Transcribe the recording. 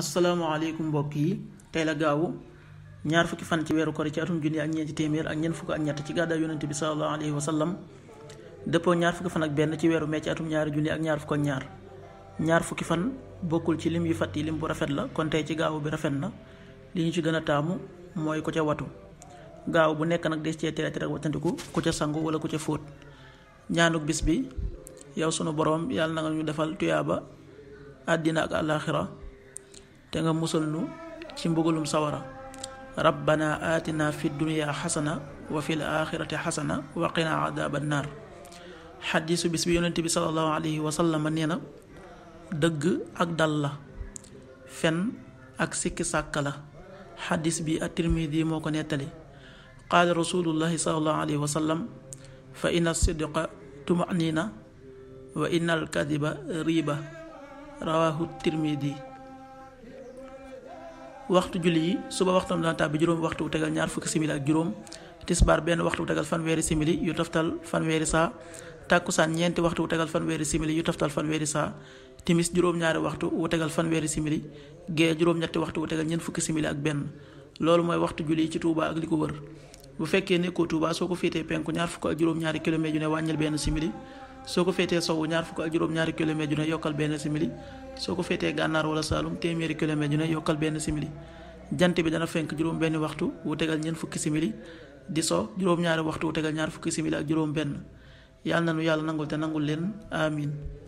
asalaamaaleykum mbokk yi tey la gaawu ñaar fukki fan ci weeru kori ci atum junni ak ñeenti téeméer ak ñeent fukk ak ñett ci gàddaay yonente bi salallahu alayhi wa sallam dëppoo ñaar fukki fan ak benn ci weeru mee ci atum ñaari junni ak ñaar fukk ak ñaar fukki fan bokkul ci lim yu fàtt yi lim bu rafet la kon tey ci gaawu bi rafet na li ñu ci gën a taamu mooy ku ca watu gaaw bu nekk nag des cee tere tere watandiku ku ca sangu wala ku ca fóot ñaanuk bis bi yow sunu boroom yàlla na ñu defal tuyaaba àddina ak àllaaxira te nga musal nu ci mbugalum sawara rabbana atina fi dunya xasana wa fi laaxirati xasana wa qina adaaba annaar xadisu bis bi yonente bi salallahu alayhi wa sallam nee na dëgg ak dal la fen ak sikki sàkk la xadis bi at-tirmidi moo ko nettali qaala rasulullahi salallahu alayhi wa sallam fa inna sidqa tumanina wa inna alkadiba riba rawahu tirmidi waxtu julli yi suba waxtam dana tàbbi waktu waxtu tegal ñaar fukki simili ak juróom tisbar ben waxtu tegal simili yu taftal fanweeri sa takusan ñenti waxtu tegal fanweeri simili yu taftal fanweeri sa timis jurom ñaari waxtu wu tegal fanweeri simili Ge jurom ñetti waxtu wu tegal ñen simili ak ben lolu waktu waxtu julli ci Touba ak li wër bu ne ko Touba soko ko penku ñaar fukk ak juróom ñaari kilomètre yu ne wañal ben simili soo ko féetee sowwu ñaar fukk ak juróom-ñaari kilomètre ju ne yokkal benn simili soo ko féetee gànnaar wala saalum téeméeri kilomètre ju ne yokkal benn simili jant bi dana fenk juróom benn waxtu wu tegal ñeent fukki simili di so juróom-ñaari waxtu wu tegal ñaar fukki simili ak juróom benn yàlla na nu yàlla nangul te nangul leen amin